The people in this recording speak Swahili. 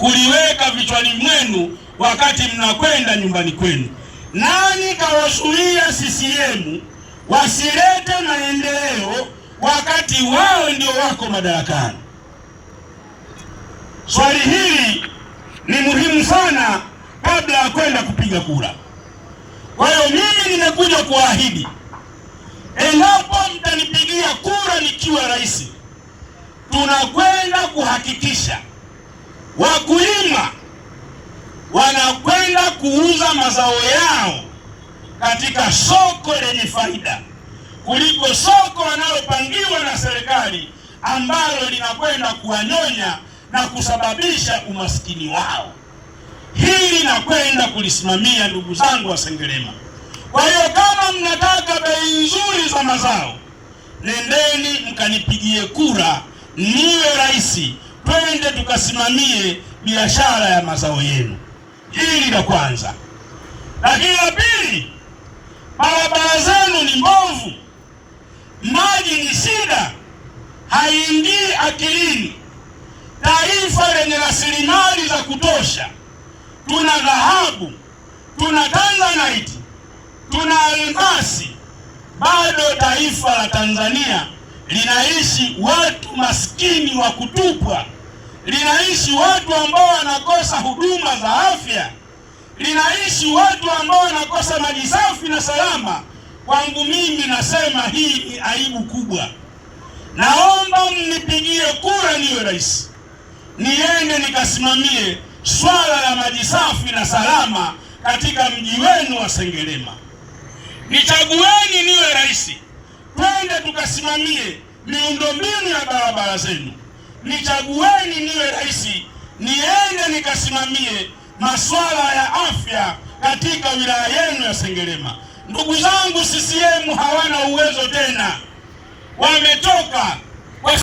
kuliweka vichwani mwenu wakati mnakwenda nyumbani kwenu. Nani kawazuia CCM wasilete maendeleo wakati wao ndio wako madarakani? Swali hili ni muhimu sana kabla ya kwenda kupiga kura. Kwa hiyo mimi nimekuja kuahidi endapo mtanipiga wakulima wanakwenda kuuza mazao yao katika soko lenye faida kuliko soko wanalopangiwa na serikali ambalo linakwenda kuwanyonya na kusababisha umaskini wao. Hili nakwenda kulisimamia ndugu zangu wa Sengerema. Kwa hiyo kama mnataka bei nzuri za mazao, nendeni mkanipigie kura niwe rais twende tukasimamie biashara ya mazao yenu. Hili la kwanza, lakini la pili, barabara zenu ni mbovu, maji ni shida, haiingii akilini. Taifa lenye rasilimali za kutosha, tuna dhahabu, tuna tanzanite, tuna almasi, bado taifa la Tanzania linaishi watu maskini wa kutupwa, linaishi watu ambao wanakosa huduma za afya, linaishi watu ambao wanakosa maji safi na salama. Kwangu mimi nasema hii ni aibu kubwa. Naomba mnipigie kura niwe rais, niende nikasimamie swala la maji safi na salama katika mji wenu wa Sengerema. Nichagueni niwe rais twende tukasimamie miundombinu ya barabara zenu. Nichagueni niwe rais, niende nikasimamie masuala ya afya katika wilaya yenu ya Sengerema. Ndugu zangu, CCM hawana uwezo tena, wametoka